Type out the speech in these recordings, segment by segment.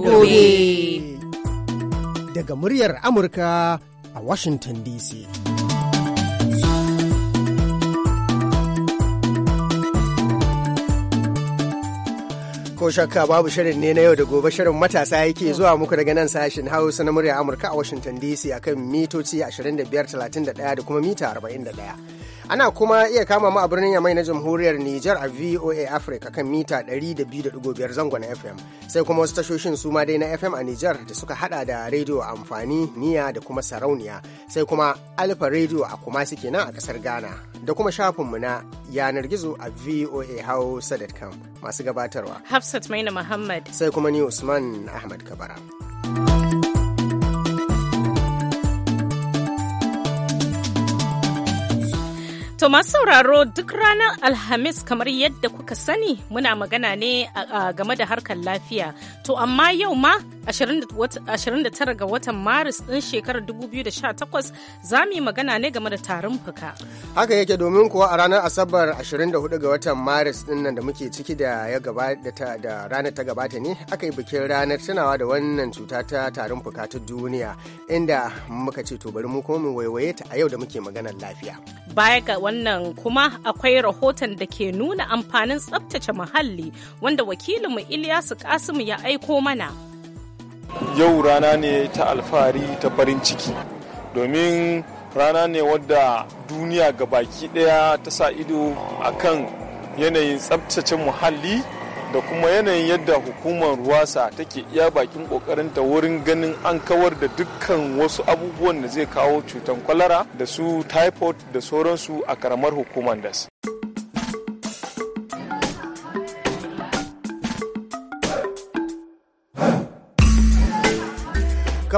gobe. Daga muryar Amurka a Washington DC. Ko shakka babu shirin ne na yau da gobe shirin matasa yake zuwa muku daga nan sashen Hausa na muryar Amurka a Washington DC akan mitoci 25, 31 da kuma mita 41. Ana kuma iya kama mu a birnin Yamai na Jamhuriyar Nijar a VOA Africa kan mita zango zangon FM. Sai kuma wasu tashoshin su ma dai na FM a Nijar da suka hada da rediyo amfani, niya da kuma sarauniya. Sai kuma Alfa rediyo a kuma suke nan a kasar Ghana. Da kuma shafinmu na yanar gizo a VOA voahausa.com masu gabatarwa. Hafsat Maina Muhammad. Sai kuma ni Usman Ahmad Kabara. To masu sauraro duk ranar Alhamis kamar yadda kuka sani muna magana ne game da harkar lafiya. To amma yau ma 29 ga watan maris ɗin shekarar 2018 za mu yi magana ne game da tarin fuka. Haka yake domin kuwa a ranar Asabar 24 ga watan Maris ɗin nan da muke ciki da ya da ranar ta gabata ne aka yi bikin ranar tunawa da wannan cuta ta tarin fuka ta duniya inda muka ce to bari mu kuma mu waiwaye ta a yau da muke maganar lafiya. Baya ga wannan kuma akwai rahoton da ke nuna amfanin tsabtace muhalli wanda wakilinmu Ilyasu Kasimu ya aiko mana. Yau rana ne ta alfahari ta farin ciki domin rana ne wadda duniya ga baki daya ta sa ido a kan yanayin tsabtace muhalli da kuma yanayin yadda hukumar ruwasa take iya bakin kokarinta wurin ganin an kawar da dukkan wasu abubuwan da zai kawo cutan kwalara da su typhoid da sauransu a karamar hukumar das.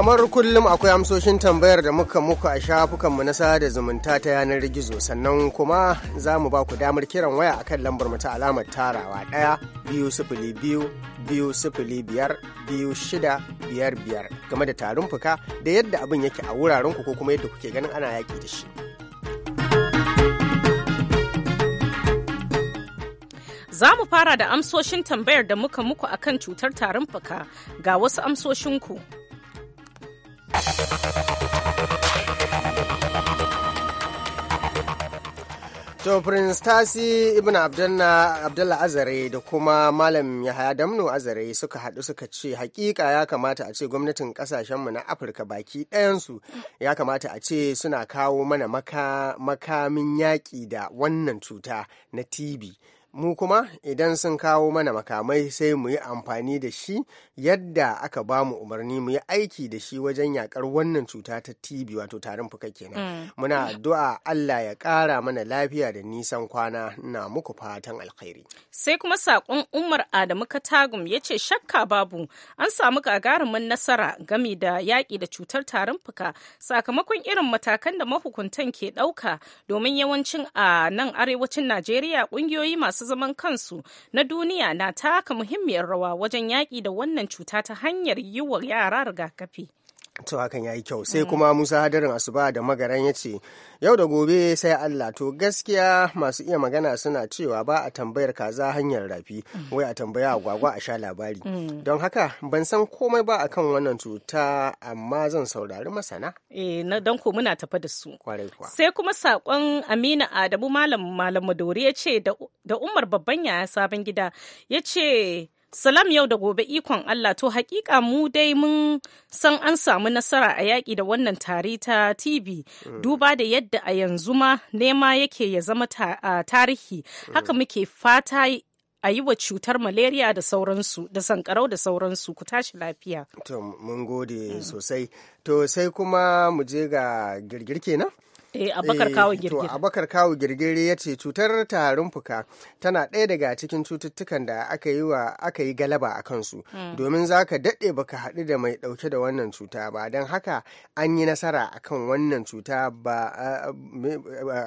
kamar kullum akwai amsoshin tambayar da muka muku a shafukanmu na sada zumunta ta yanar gizo sannan kuma za mu ba ku damar kiran waya akan lambar mu ta alamar tarawa ɗaya biyu sifili biyu biyu sifili biyar biyu shida biyar biyar game da tarin fuka da yadda abin yake a wurarenku ko kuma yadda kuke ganin ana yaƙi da shi. Za mu fara da amsoshin tambayar da muka muku akan cutar tarin fuka ga wasu amsoshinku. To Prince Tasi Ibn Abdullah Azare da kuma Malam Yahaya Damno Azare suka haɗu suka ce hakika ya kamata a ce gwamnatin ƙasashenmu na Afirka baki ɗayansu ya kamata a ce suna kawo mana makamin yaƙi da wannan cuta na TB. mu kuma idan sun kawo mana makamai sai mu yi amfani da shi yadda aka ba mu umarni mu yi aiki da shi wajen yakar wannan cuta ta TB wato tarin fuka kenan mm. muna addu'a Allah ya ƙara mana lafiya da nisan kwana na muku fatan alkhairi sai kuma saƙon Umar Adamu Katagum ya ce shakka babu an samu gagarumin nasara gami da yaƙi da cutar tarin fuka sakamakon irin matakan da mahukuntan ke ɗauka domin yawancin a nan arewacin Najeriya ƙungiyoyi masu masu zaman kansu na duniya na taka muhimmiyar rawa wajen yaƙi da wannan cuta ta hanyar yi wa yara rigakafi. to hakan ya yi kyau sai mm. kuma musa hadarin asuba da magaran ya ce yau da gobe sai allah to gaskiya masu iya magana suna cewa ba a tambayar kaza hanyar rafi mm. wai a tambaya agwagwa a sha labari mm. don haka ban san komai ba akan wannan cuta amma zan saurari masana eh na don ko muna tafa da su sai kuma sakon amina adamu malam malam madori ya ce da umar babban yaya sabon gida ya ce Salam yau da gobe ikon Allah to hakika mu dai mun san an samu nasara a yaƙi da wannan tari ta TV mm. duba da yadda a yanzu ma nema yake ya zama tarihi mm. haka muke fata a yi wa cutar malaria da sauransu da sankarau da sauransu ku tashi lafiya. To mun gode mm. sosai to sai kuma mu je ga girgir kenan. Eh, abakar eh, kawo girgire. To, abakar kawo girgire ya ce cutar tarin fuka tana ɗaya daga cikin cututtukan da aka yi wa aka yi galaba a kansu. Hmm. Domin za ka daɗe baka haɗu da mai ɗauke da wannan cuta ba, don haka an yi nasara akan wannan cuta ba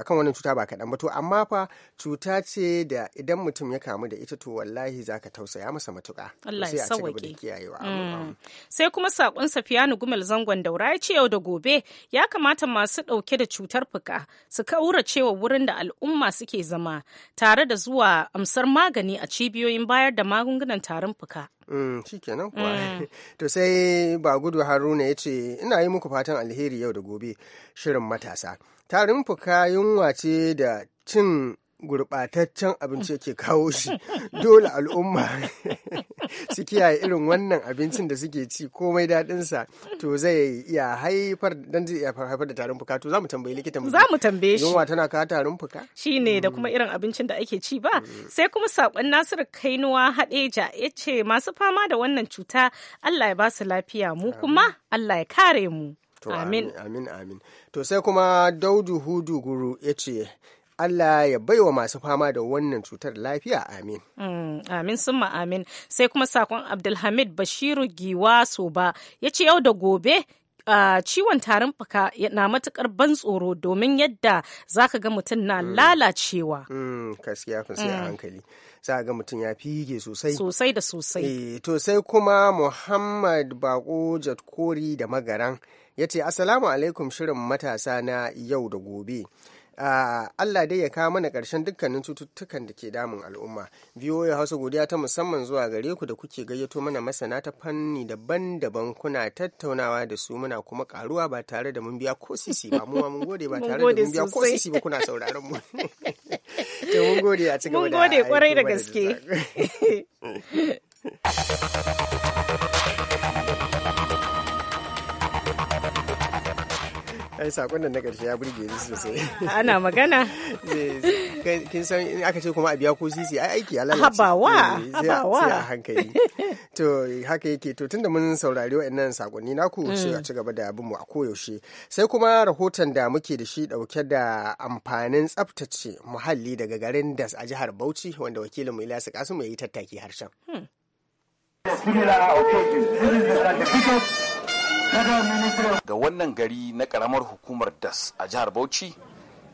akan ba kaɗan ba. To, amma fa cuta ce da idan mutum ya kamu da ita to wallahi za ka tausaya masa matuka. Allah ya hmm. Sai kuma saƙon Safiyanu Gumel Zangon Daura ya ce yau da gobe ya kamata masu ɗauke da cuta cutar fuka su kauracewa wurin da al'umma suke zama tare da zuwa amsar magani a cibiyoyin bayar da magungunan tarin fuka. Mm, shi kenan mm. to sai ba gudu haruna ya ce ina yi muku fatan alheri yau da gobe shirin matasa tarin fuka yunwa ce da cin gurɓataccen abinci yake kawo shi dole al'umma su kiyaye irin wannan abincin da suke ci komai daɗinsa to zai iya haifar da tarin fuka to za mu tambayi likita mu za mu tambaye shi yunwa tana kawo tarin fuka Shi ne da kuma irin abincin da ake ci ba sai kuma sakon Nasiru Kainuwa Hadeja ce masu fama da wannan cuta Allah ya ba lafiya mu kuma Allah ya kare mu amin amin amin to sai kuma Daudu Hudu Guru ce. Allah ya baiwa masu fama da wannan cutar lafiya amin. Mm, amin sun amin. Sai kuma sakon Abdulhamid Bashiru Giwa Soba ya ce yau da gobe Uh, ciwon tarin fuka na matukar ban tsoro domin yadda zaka ga mutum na mm. lalacewa. Mm, gaskiya kun sai mm. hankali. Za ga mutum ya fige sosai. Sosai da sosai. Eh, to sai kuma Muhammad Bako Jatkori da Magaran ya ce Assalamu alaikum shirin matasa na yau da gobe. Allah dai ya kawo mana ƙarshen dukkanin cututtukan da ke damun al'umma. VOA Hausa godiya ta musamman zuwa gare ku da kuke gayyato mana masana ta fanni daban-daban kuna tattaunawa da su muna kuma karuwa ba tare da mun biya ko sisi ba mu mun gode ba tare da mun biya ko sisi ba kuna sauraron mu. To mun gode a cikin Mun gode kwarai da gaske. ai sakon nan na karshe ya burge ni sosai ana magana kin san in aka ce kuma a biya ko sisi ai aiki ya lalace habawa habawa eh, sai a hankali to haka yake to tunda mun saurari wayannan sakonni naku ce mm. a ci gaba da abin mu a koyaushe sai kuma rahoton da muke da shi dauke da amfanin tsaftace muhalli daga garin Das a jihar Bauchi wanda wakilinmu Ilyasu Kasimu ya yi tattaki harshen. Hmm. Ga wannan gari na karamar hukumar DAS a jihar Bauchi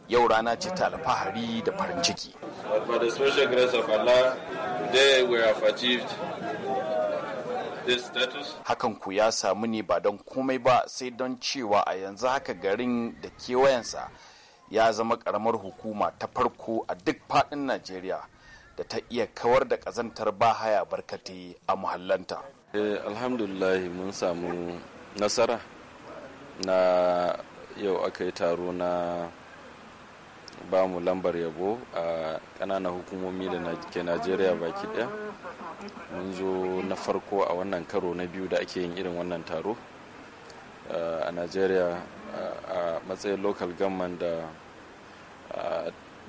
yau rana ce ta alfahari da farin ciki. Hakan ku ya samu ne ba don komai ba sai don cewa a yanzu haka garin da kewayensa ya zama karamar hukuma ta farko a duk faɗin Najeriya da ta iya kawar da ƙazantar haya barkate a muhallanta. Eh, alhamdulillah mun samu nasara na yau aka yi taro na ba mu lambar yabo a ƙananan hukumomi da ke najeriya baki ɗaya mun zo na farko a wannan karo na biyu da ake yin irin wannan taro a najeriya a matsayin local government da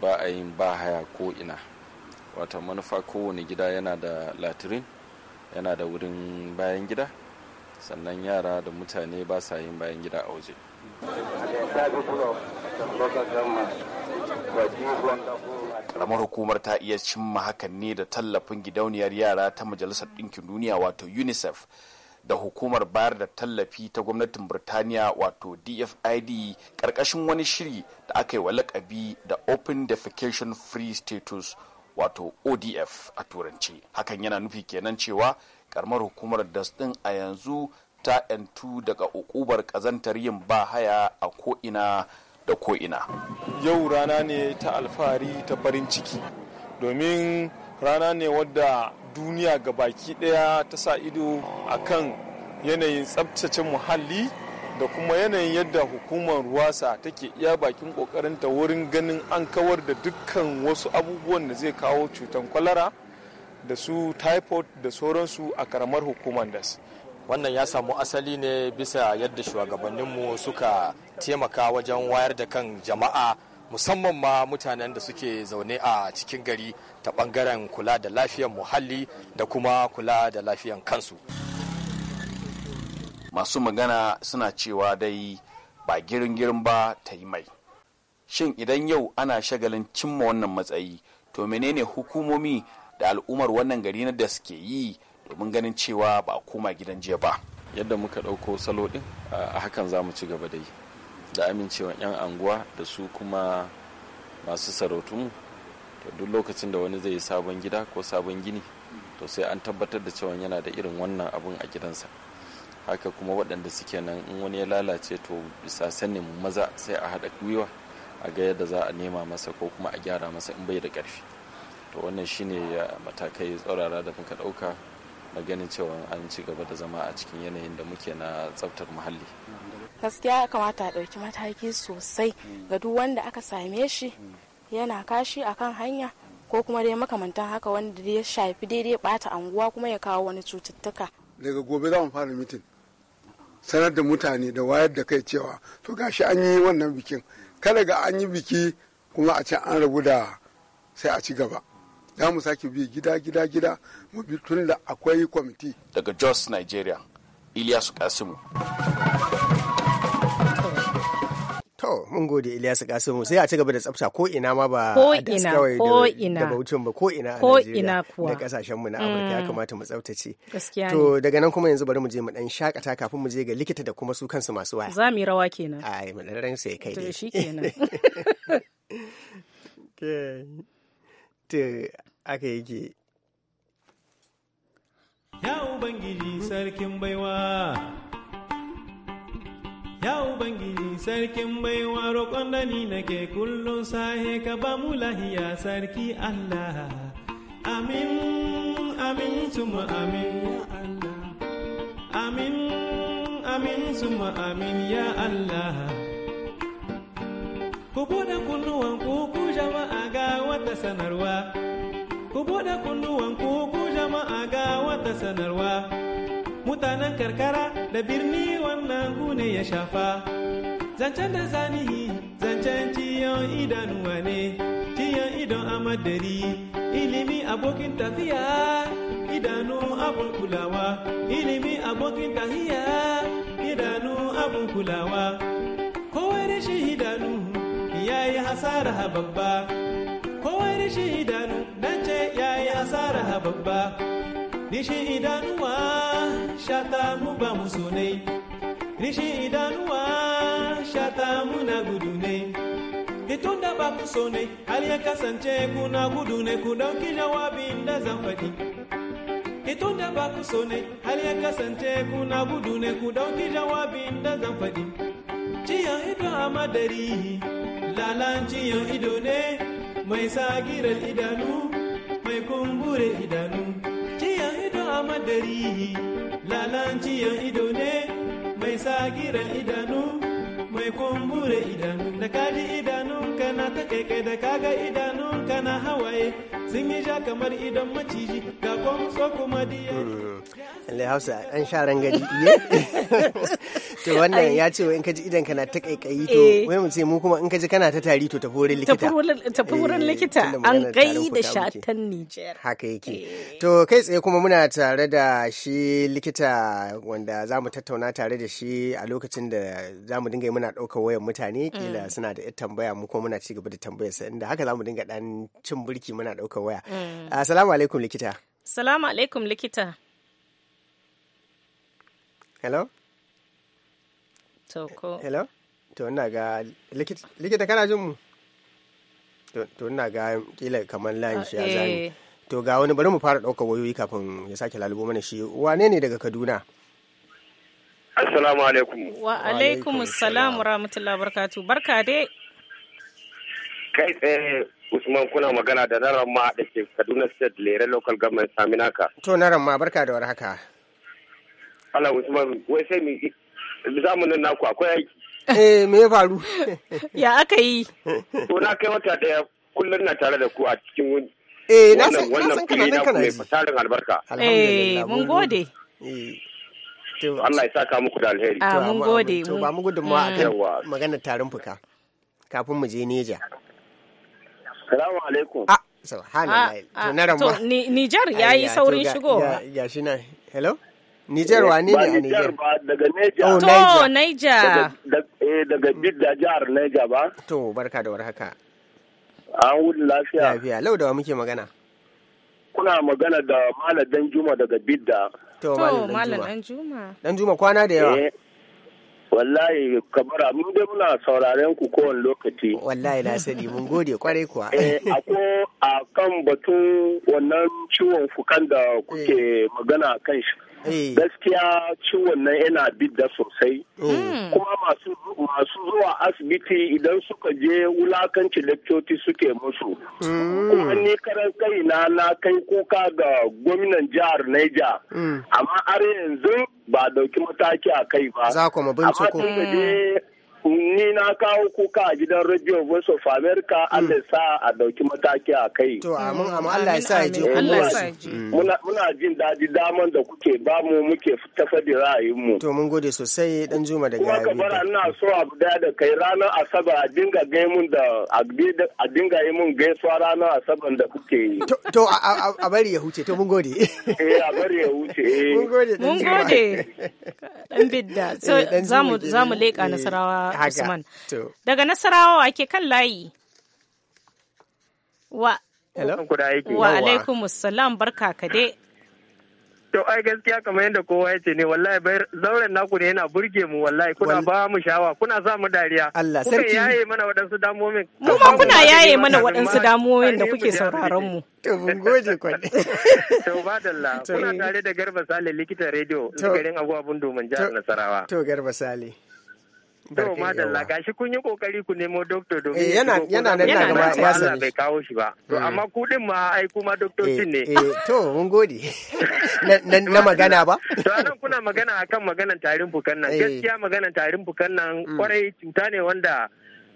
ba a yin ba haya ko ina wata manufa kowane gida yana da latirin yana da wurin bayan gida sannan yara da mutane ba sa yin bayan gida a waje ƙaramar hukumar ta iya cimma hakan ne da tallafin gidauniyar yara ta majalisar ɗinkin duniya wato unicef da hukumar bayar da tallafi ta gwamnatin birtaniya wato dfid ƙarƙashin wani shiri da aka yi wa lakabi da open defecation free status wato odf a turance hakan yana nufi kenan cewa karamar hukumar das din a yanzu ta yantu daga ukubar kazantar yin ba haya a ko'ina da ko'ina yau rana ne ta alfahari ta farin ciki domin rana ne wadda duniya ga baki daya ta sa ido a kan yanayin tsabtace muhalli da kuma yanayin yadda hukumar ruwasa take iya bakin kokarinta wurin ganin an kawar da dukkan wasu abubuwan da zai kawo cutan kwalara da su typhoid da sauransu a karamar hukumar das wannan ya samu asali ne bisa yadda shugabanninmu suka taimaka wajen wayar da kan jama'a musamman ma mutanen da suke zaune a cikin gari ta bangaren kula da lafiyar muhalli da kuma kula da lafiyar kansu masu magana suna cewa dai ba girin-girin ba ta yi mai shin idan yau ana shagalin cimma wannan matsayi to menene hukumomi da al'ummar wannan gari na da suke yi domin ganin cewa ba a koma gidan jiya ba yadda muka ɗauko salo ɗin a hakan za mu ci gaba da yi da amincewa 'yan anguwa da su kuma masu sarautunmu to duk lokacin da wani zai yi sabon gida ko sabon gini to sai an tabbatar da cewa yana da irin wannan abun a gidansa haka kuma waɗanda suke nan in wani ya lalace to bisa sanin maza sai a haɗa gwiwa a ga yadda za a nema masa ko kuma a gyara masa in bai da ƙarfi to wannan shine matakai tsaurara da muka ɗauka na ganin cewa an ci gaba da zama a cikin yanayin da muke na tsaftar muhalli gaskiya ya kamata a ɗauki mataki sosai ga duk wanda aka same shi yana kashi a kan hanya ko kuma dai makamantan haka wanda ya shafi daidai bata anguwa kuma ya kawo wani cututtuka daga gobe za mu fara mitin sanar da mutane da wayar da kai cewa to gashi an yi wannan bikin kada ga an yi biki kuma a can an rabu da sai a ci gaba za mu sake bi gida gida gida mu bi tun da akwai kwamiti daga jos nigeria iliyasu kasimu To, mun gode Ilyasu Kasimu sai a ci gaba da tsafta ko ina ma ba ko ina ko ina da Bauchin ba ko ina ko ina kuwa da kasashen mu na Afirka ya mm. kamata mu tsaftace. To daga nan kuma yanzu bari mu je mu dan shakata kafin mu je ga likita da kuma su kansu masu waya. Za mu yi rawa kenan. Ai mu dan sai kai dai. To shi kenan aka yake ya ubangiji sarkin baiwa ya ubangiji sarkin baiwa roƙon da ni nake kullum sahe ka ba mu lahiya sarki allah amin amin tuma amin amin amin tuma amin ya allah ku buɗe kunnuwan ku jama'a ga wata sanarwa ku buɗe kunnuwan ku jama'a ga wata sanarwa. Mutanen karkara da birni wannan ku ne ya shafa. Zancen da zanihi zancen ciyon idanuwa ne, ciyon idon amadari, ilimi abokin tafiya, idanu abun kulawa, ilimi abokin tahiya, idanu abun kulawa. Kowai rashin idanu ya yi hasara babba, kowai rashin idanu asara babba rishi idanuwa shata mu ba mu sonai idanuwa shata muna gudu ne itun da ba ku so ne har ya kasance kuna gudu ne ku dauki jawabin da zan faɗi itun da ba ku so ne har ya kasance kuna gudu ne ku dauki jawabin da zan faɗi ciyan ido a madari lalan ciyan ido ne mai sagirar idanu hure idanu ciyan ido a madari lalan ciyan ido ne mai sagira idanu mai kumbure idanu da kaji idanu kana ta kaikai da kaga idanu kana hawaye sun yi ja kamar idan maciji ga kwamso kuma diya. Eh, hausa an sha rangadi eh? to wannan ya ce in ka ji idan kana ta kaikayi to eh. wai mu ce mu kuma in ka ji kana ta tari to tafi wurin likita tafi wurin eh, likita an gai da shatan Niger haka yake eh. to kai tsaye kuma muna tare da shi likita wanda za mu tattauna tare da shi a lokacin da za mu dinga muna ɗaukar wayar mutane mm. kila suna da tambaya mu kuma muna ci gaba da tambayar sa inda haka za mu dinga dan cin burki muna ɗaukar waya mm. assalamu alaikum likita assalamu alaikum likita hello to ko hello to ina ga likita kana jin mu to ina ga kila kamar layin shi ya ah, zani eh. to ga wani bari mu fara ɗaukar wayoyi kafin ya sake lalubo mana shi wane ne daga kaduna assalamu alaikum wa alaikum assalam wa rahmatullahi barkatu barka dai kai tsaye usman kuna magana da naran ma da ke kaduna state lere local government saminaka to naran ma barka da warhaka Allah usman wai sai mu zamanin naku akwai aiki. Eh me ya faru? Ya aka yi? To na kai wata daya kullum na tare da ku a cikin wani. eh na san kana nan kana na Wannan mai fasarin albarka. Eh mun gode. Eh. Allah ya saka muku da alheri. Ah mun gode. To ba mu gudunmawa akan magana tarin fuka. Kafin mu je Neja. Salamu alaikum. Ah subhanallah. Ah, ah. To na To Niger yayi saurin shigo. Ya shi na. Hello? niger eh, wa ne ne a Ba Daga Niger. Oh, to, Niger. Eh, daga Bidda jihar Niger ba. To, barka da warhaka. An wuli lafiya. Lafiya, lau da muke magana. Kuna magana da Malam Danjuma daga Bidda. To, Malam Danjuma. Danjuma kwana da yawa. Eh, wallahi kamar mun dai muna sauraren ku kowane lokaci wallahi na sani mun gode kwarai kuwa eh ako a kan batun wannan ciwon fukan da kuke magana kan shi Eh. gaskiya ciwon nan yana bidda sosai oh. hmm. kuma masu zuwa asibiti idan suka je wulakanci lekcoci suke musu hmm. kuma ni karan na na kai kuka ga gwamnan jihar neja hmm. amma har yanzu ba dauki mataki a kai ba za ku mu ni na kawo kuka a gidan radio voice of america mm. allah sa a dauki mataki a kai to amin amin allah ya sa ya je mm. muna muna jin daji daman da kuke ba mu muke ta fadi ra'ayinmu to mun gode sosai dan juma daga kuma ka ina so abu daya da kai ranar asabar a dinga gai mun da a dinga yi mun gaisuwa ranar asabar da kuke yi to a bari ya huce to mun gode eh a bari ya huce eh. mun gode mun gode dan bidda so zamu zamu leka nasarawa Usman. Daga Nasarawa ake kan layi. Wa alaikum salam barka ka dai. To ai gaskiya kamar yadda kowa ya ce ne wallahi bai zauren naku ne yana burge mu wallahi kuna ba mu shawa kuna sa mu dariya. Allah sarki. Kuka yaye mana waɗansu damomin. Mu ma kuna yaye mana waɗansu damomin da kuke sauraron mu. To mun gode kwani. To ba dalla kuna eh. tare da Garba Sale likitan rediyo na garin Abuwa Bundo Manjar Nasarawa. To Garba Sale. To madalla gashi kun yi kokari ku nemo doctor domin eh, yana yana nan ma ya sani. bai kawo shi ba. To mm. amma ku din ma ai kuma doctocin eh, ne. Eh to mun gode. Na magana ba? To anan kuna magana akan maganan tarin fukan nan. Eh. Gaskiya maganan tarin fukan nan mm. kwarai cuta ne wanda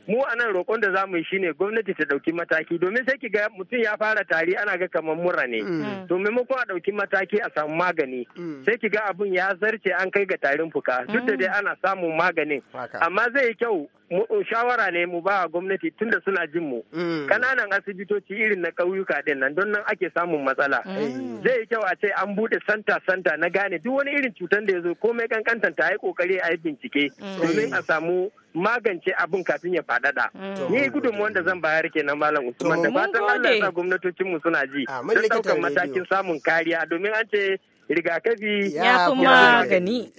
mu a nan roƙon da za mu yi shine gwamnati ta ɗauki mataki domin sai ki ga mutum ya fara tari ana ga kamar mura ne mm. Mm. to maimakon a ɗauki mataki a samu magani mm. sai ki ga abun ya zarce an kai ga tarin fuka duk da dai ana samun maganin amma zai yi kyau Uh, shawara ne mu ba gwamnati tunda suna jin mu mm. kananan asibitoci irin na ƙauyuka din nan don nan ake samun matsala mm. zai yi kyau a ce an bude santa santa na gane duk wani irin cutar da ya zo komai kankantan ta yi kokari a yi bincike mm. domin a samu magance abin kafin ya faɗaɗa. Ni gudun da zan bayar ke nan Malam Usman da fatan Allah ya sa gwamnatocinmu suna ji don ɗaukar matakin samun kariya domin an ce rigakafi ya kuma gani.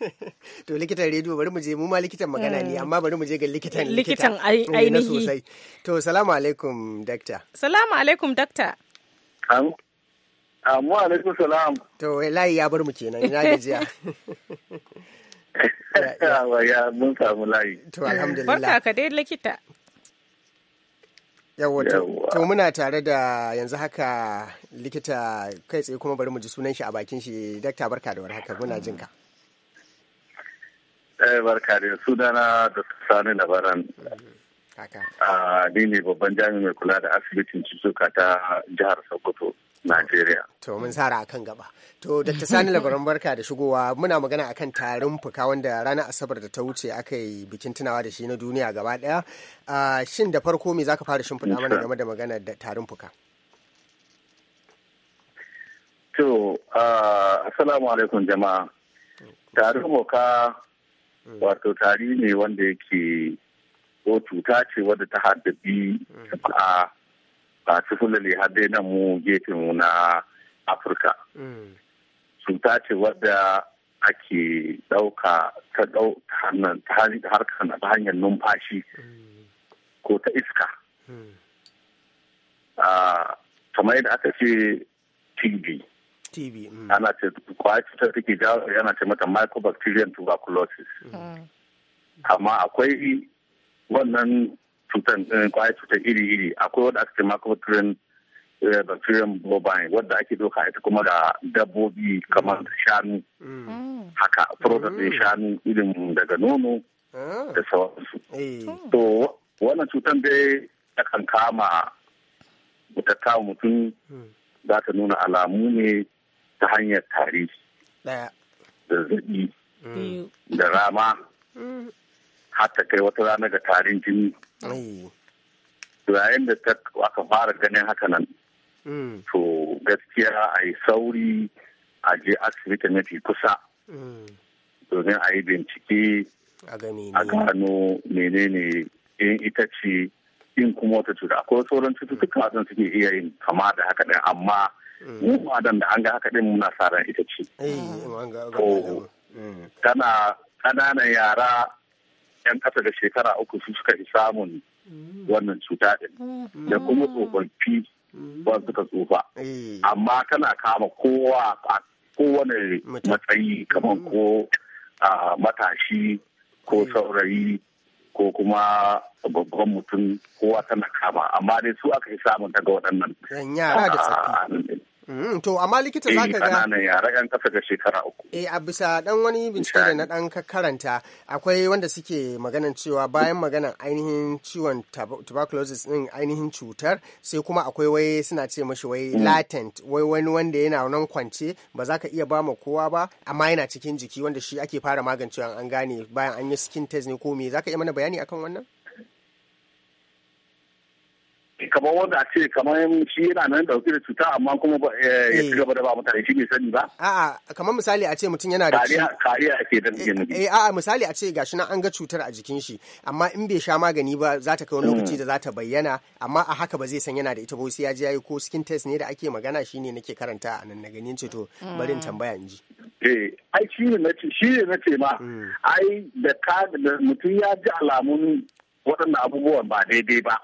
to likitan rediyo bari mu je mu ma likitan magana ne eh. amma bari mu je ga likitan likitan ainihi sosai to salamu alaikum dakta salamu alaikum dakta amu alaikum salam to layi ya bar mu kenan ina gajiya mun samu layi to alhamdulillah barka ka dai likita yawo to muna tare da yanzu haka likita kai tsaye kuma bari mu ji sunan shi a bakin shi dakta barka da warhaka muna jin ka eh barka da sunana da sani labaran a ah, ne babban jami'in mai kula da asibitin cutuka ta jihar sokoto Najeriya. To mun sara a kan gaba. To ta Sani labaran barka da shigowa muna magana akan tarin fuka wanda ranar Asabar da ta wuce aka yi bikin tunawa da shi na duniya gaba daya. shin da farko me zaka fara shimfiɗa mana game da magana da tarin fuka? To, assalamu alaikum jama'a. Tarin fuka mm. wato tari ne wanda yake ko cuta ce wadda ta haddabi jama'a particularly har dai nan mu gefen na afirka mm. cuta ce wadda ake ɗauka ta harkar na hanyar numfashi mm. ko ta iska mm. kamar yadda aka ce tb ana ce kwaya cutar take jawo yana ce mata mycobacterium tuberculosis amma akwai wannan cutar eh, kwayar cutar iri-iri akwai wadda aka ce microtrain eh, bacterium bovine wadda ake doka ita kuma da dabbobi kamar mm. shanu mm. haka product din mm. shanu irin daga nono ah. da sauransu eh. to wannan cutar dai kan kama ta mutum za ta nuna alamu ne ta hanyar tari da zazzabi da rama har ta kai wata rana ga tarin jini yayin da ta aka fara ganin haka nan mm. to gaskiya a yi sauri a je asibiti mafi kusa mm. domin a yi bincike a gano menene in ita ce in kuma wata cuta akwai sauran cututtuka sun suke iya yin kama da haka ɗin amma mm. mu madan da an ga haka ɗin muna sa ran ita ce eh, tana ƙananan yara 'yan kasa da shekara uku su suka fi samun wannan cuta ɗin da kuma tsofaffi ba suka tsufa eh. amma kana kama kowa a kowane matsayi kamar mm. ko matashi ko eh. saurayi ko kuma babban mutum kowa tana kama amma dai su aka yi samun daga waɗannan yara da Mm, to amma likita eh, za ka ga. Ƙananan yare ɗan kafa da shekara uku. Eh a bisa ɗan wani bincike da na ɗan karanta akwai wanda suke maganan cewa bayan maganan ainihin ciwon tuberculosis ɗin ainihin cutar sai kuma akwai wai suna ce mashi wai mm. latent wai wani wanda yana nan kwance ba za ka iya ba ma kowa ba amma yana cikin jiki wanda shi ake fara magancewa an gane bayan an yi skin test ne ko me za ka iya mana bayani akan wannan? kamar wanda a ce kamar shi yana nan dauke da cuta amma kuma eh, ya eh. ci gaba da ba mutane shi bai sani ba a'a kamar misali a ce mutum yana da kariya kariya ake da mutum eh a'a misali a ce gashi nan an ga cutar a jikin shi amma in bai sha magani ba za ta kai wani lokaci mm. da za ta bayyana amma a haka ba zai san yana da ita ba sai ya je yayi ko skin test ne da ake magana shine nake karanta a nan na ganin ce to mm. bari in tambaya in ji eh ai shi ne nace shi ne nace ma mm. ai da ka da mutum ya ji alamun waɗannan abubuwan ba daidai ba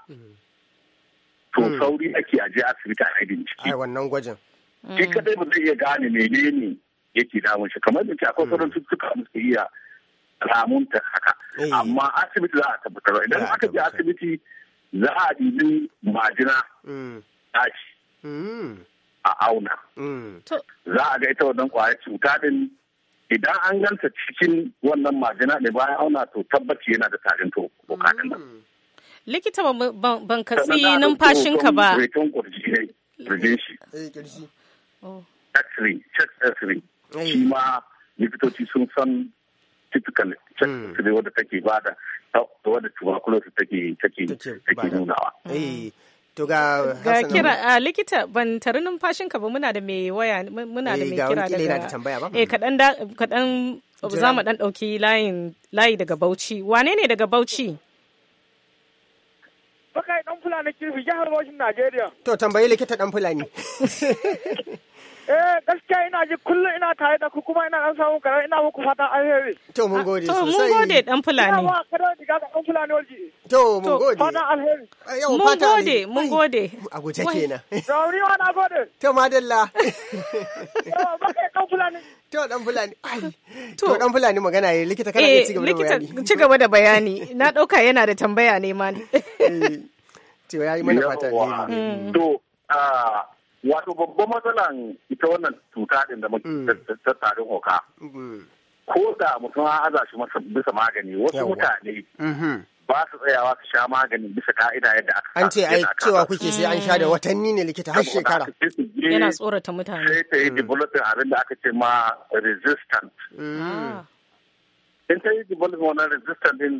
to hmm. sauri ake aje asibiti a bincike. Ai wannan gwajin. Shi hmm. kadai ba zai iya gane menene yake damun shi kamar da akwai sauran hmm. cututtuka da suke iya ramunta haka. Eh. Amma asibiti za a tabbatar idan aka je asibiti za a dibi majina tashi a auna. Za a ga ita wannan kwayar cuta din idan an ganta cikin wannan majina ne bayan auna to tabbaci yana da tarin to bukatun nan. likita ban katsi numfashinka ba eh, oh. eh. shi ma eh, ga kira a likita ban tari numfashin ba muna da mai waya muna da mai kira daga ba. Eh kadan kadan za mu dan dauki layi daga Bauchi. Wane ne daga Bauchi? yi dan Fulani Kirfi jihar Bauchin Najeriya. To tambayi likita dan Fulani. Eh gaskiya ina ji kullum ina tare da ku kuma ina an samu karar ina muku fatan alheri. To mun gode sosai. To mun gode dan Fulani. Ina ma karar diga ga dan Fulani waje. To mun gode. Fatan alheri. Mun gode mun gode. A guje kenan. Rauni wa na gode. To madalla. To baka dan Fulani. To dan Fulani. To dan Fulani magana yayi likita kana eh, ci cigaba da bayani. Likita cigaba da bayani. Na dauka yana da tambaya ne ma. Eh, to yayi mana fatan mm. To To ah, wato babban matsalan ita wannan cuta din da mm. ta tarin hoka mm. ko da mutum an aza shi masa bisa magani wasu mutane mm-hmm. ba su tsayawa su sha maganin bisa ka'ida yadda aka an ce ai cewa kuke sai an sha da watanni ne likita har shekara yana tsorata mutane sai ta yi mm. developing abin da aka ce ma resistant ah. in ta yi developing wannan resistant din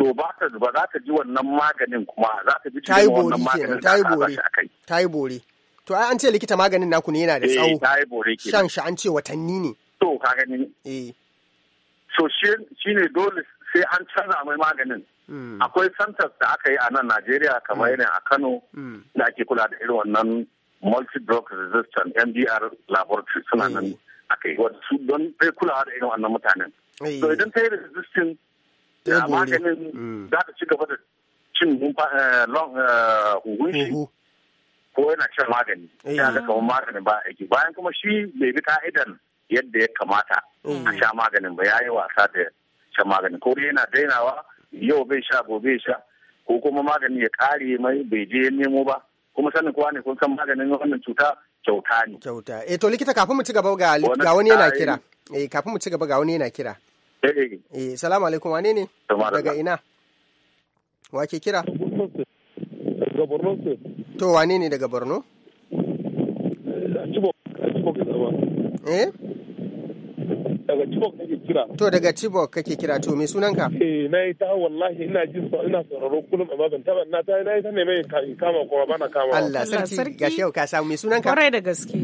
to ba ta ba za ta ji wannan maganin kuma za ta ji cikin wannan maganin da aka ta yi bore To ai an ce likita maganin naku ne yana da eh, tsawo. Eh ta yi bore ke. Shan shi an ce watanni ne. To ka gani. Eh. So shi ne dole sai an canza mai maganin. Hmm. Akwai centers da aka yi a nan Najeriya kamar yana hmm. a Kano hmm. da ake kula da irin wannan multi drug resistant MDR laboratory suna nan eh. aka yi su don kai kulawa da irin wannan mutanen. Eh. So idan ta yi resistant da maganin za ta ci gaba da cin hukunci. ko yana shan magani yana da eh. kamar magani ba aiki bayan kuma shi bai bi ka'idan yadda ya kamata a eh. sha maganin ba ya yi wasa da shan magani ko dai yana dainawa yau bai sha gobe sha ko kuma magani ya kare mai bai je nemo ba kuma sanin kowa ne kun san maganin wannan cuta kyauta ne kyauta eh to likita kafin mu ci gaba ga ga wani yana kira eh kafin mu ci gaba ga wani yana kira eh eh, eh salamu alaikum wane ne daga ina wa ke kira daga Borno State. To wane ne daga Borno? Chibok, Chibok zama. Eh? Daga Chibok kake kira. To daga Chibok kake kira to me sunanka? Eh na yi ta wallahi ina jin so ina sauraro kullum amma ban taba na ta na yi ta neme in kama kuma bana kama. Allah sarki gashi yau ka samu me ka? Kwarai da gaske.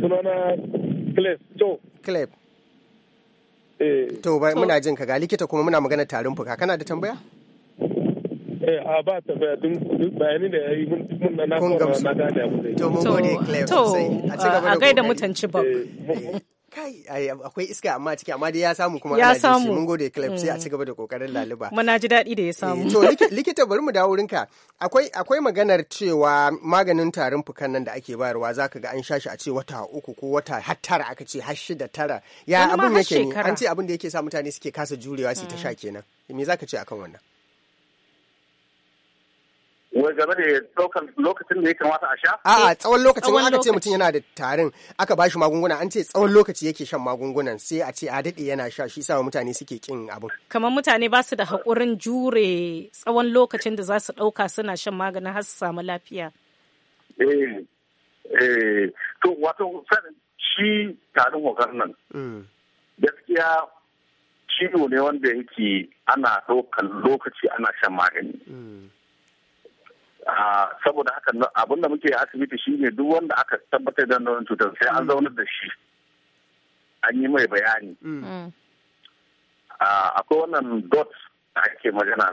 Sunana Clef. To. Clef. Eh. To bai muna jin ka ga likita kuma muna magana tarin fuka kana da tambaya? Eh, a ba ta baya bayanin da ya yi mun na na gane abu da to mun gode Claire a da gaida mutanci bak eh, kai akwai iska amma ciki amma dai ya samu kuma ya samu mun gode club sai a mm. ci gaba da kokarin laluba muna ji daɗi da ya eh, samu to likita bari mu dawo rinka akwai akwai maganar cewa maganin tarin fukan nan da ake bayarwa zaka ga an sha shi a ce wata uku ko wata har tara aka ce har shida tara ya abin yake ne an ce abin da yake sa mutane suke kasa jurewa su ta mm. sha kenan me zaka ce akan wannan wai game da ɗaukar lokacin da ya kamata a sha? A'a tsawon lokaci wani aka ce mutum yana da tarin aka bashi magunguna an ce tsawon lokaci yake shan magungunan sai a ce a daɗe yana sha shi sa mutane suke kin abin. Kamar mutane ba su da haƙurin jure tsawon lokacin da za su ɗauka suna shan maganin har su samu lafiya. Eh, eh to wato shi tarin hokar nan. Mm. Gaskiya ciwo ne wanda yake ana ɗaukar lokaci ana shan magani. Mm. saboda haka abin da muke asibiti shine duk wanda aka tabbatar da wannan cutar sai an mm. zaunar da shi an yi mai bayani mm. Mm. akwai wannan dot da ake magana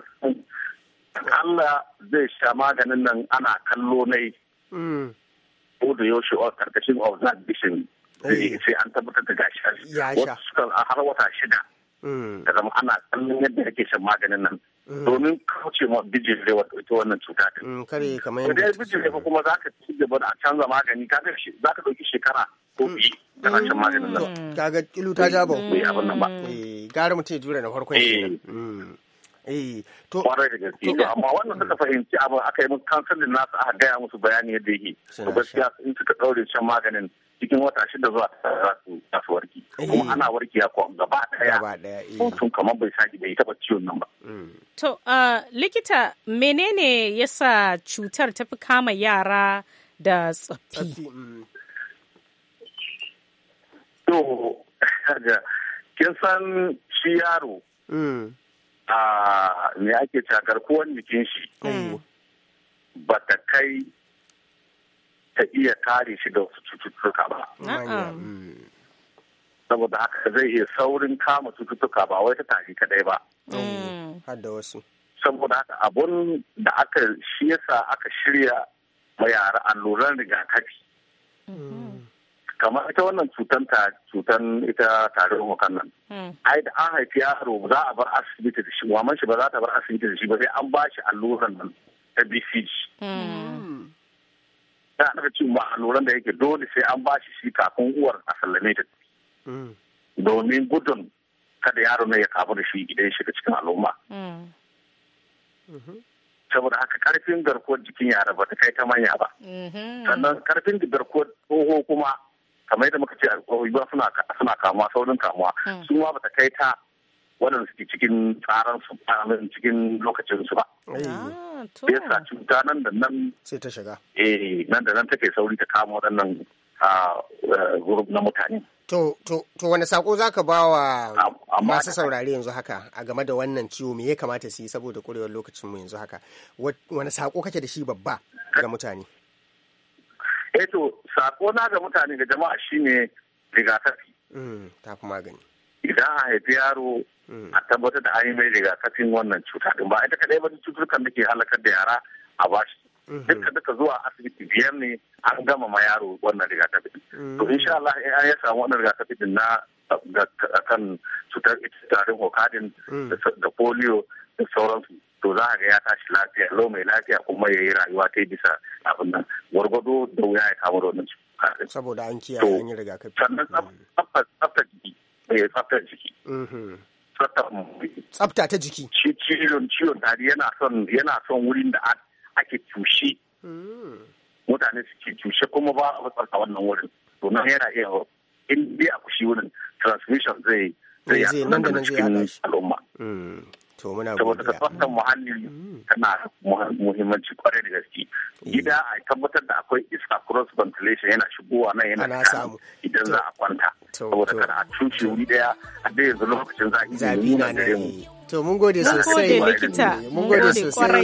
Allah zai sha maganin nan ana kallo nai ko da yaushe a karkashin observation sai an tabbatar da gashi har wata shida da zama ana kallon yadda ake shan maganin nan Mm. domin kauce ma bijirai wato ita wannan cuta ta. Mm, Kare kamar yadda. Idan bijire ba kuma za ka ci gaba da canza magani ka ga za ka ɗauki shekara ko mm. biyu da shan maganin nan. ga ilu ta jaba. Bai abin nan ba. Eh, gara mutum ya jure na farko. shi. Eh. eh, to kwarai da gaske to amma wannan suka fahimci abin aka yi mun kansalin nasu aka gaya musu bayani yadda yake to gaskiya in suka ɗaure shan maganin cikin wata shida zuwa za su za su warke kuma eh. ana ya kuwa gaba daya eh. mutum kamar bai sake bai taba ciwon nan ba mm. to likita menene yasa cutar ta fi kama yara da tsaffi mm. to kin san shi yaro mm. a me ake cakar kowane jikin shi ba ta kai ta iya kare shi da wasu cututtuka ba. Mm. Saboda haka zai iya saurin kama cututtuka ba wai ta tari kadai ba. Mm. Mm. Hadda wasu. Saboda haka abun da aka shi yasa aka shirya ma yara alluran rigakafi. Kamar ita wannan cutan cutan ita tarin hukan nan. Ai da an haifi yaro za a bar asibiti da shi, waman shi ba za ta bar asibiti da shi ba sai an ba shi alluran nan ta BCG. yana daga cikin ma'aluran da yake dole sai an ba shi shi kafin uwar a sallame ta mm. domin gudun kada yaro ne ya kamu da shi idan ya shiga cikin al'umma mm. mm-hmm. saboda haka karfin garkuwar jikin yara ba ta kai ta manya ba mm-hmm. sannan karfin garkuwar tsoho kuma kamar yadda muka ce ba suna kamuwa saurin kamuwa mm. su ma ba ta kai ta Wannan suke cikin tsaran su cikin lokacin su ba. Ah, ya sa cuta nan da nan. Sai ta shiga. Eh nan da nan take sauri ta kama waɗannan ah, eh, gurub na mutane. To, to, to wani sako za ka ba wa ah, masu saurare yanzu haka a game da wannan ciwo me ya kamata su yi saboda kurewar lokacinmu yanzu haka wani sako kake da shi babba ga mutane? Eh to, sako na ga mutane ga jama'a shine rigakafi. Mm, ta magani. Idan a haifi yaro a tabbatar da an yi mai rigakafin wannan cuta din ba ita kadai ba cututtukan da ke halakar da yara a bashi mhm. duka duka zuwa asibiti biyar ne an gama ma yaro wannan rigakafi mhm. to insha Allah in an ya samu wannan rigakafi din na kan cutar tarin hokadin mhm. da polio da sauransu to za a ga ya tashi lafiya lau mai lafiya kuma ya yi rayuwa ta bisa abin nan gwargwado da wuya ya kamu wannan cutar saboda an kiyaye an yi rigakafi sannan tsaftar jiki eh, tsaftar jiki tsafta ta jiki ciwon ciwon tari yana son yana son wurin da ake tushe hmm. mutane suke tushe kuma ba a tsarka wannan wurin to nan yana iya in dai a kushi wurin transmission zai zai nan da cikin al'umma hmm. to muna saboda ka tsaftar muhalli mm. tana muhimmanci kwarai da gaske eh. gida a tabbatar da akwai iska cross ventilation yana shigowa nan yana samu idan za a kwanta saboda kana a cuce wuri daya a da yanzu lokacin zafi zabi na nan mu To mun gode sosai. Mun gode sosai.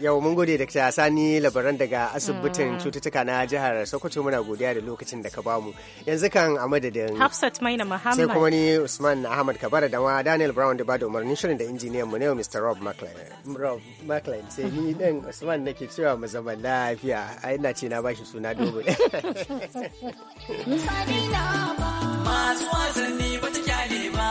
Yau mun gode Dr. Sani labaran daga asibitin mm. cututtuka na jihar Sokoto muna godiya da lokacin da ka bamu. Yanzu kan a madadin Hafsat Maina Muhammad. Sai kuma ni Usman Ahmad Kabara da ma Daniel Brown da bada umarnin shirin da injiniyan mu ne Mr. Rob McLean. Rob McLean sai ni dan Usman nake cewa mu zama lafiya. Ai ina ce na bashi suna dogo. Masu wasanni ba ta kyale ba.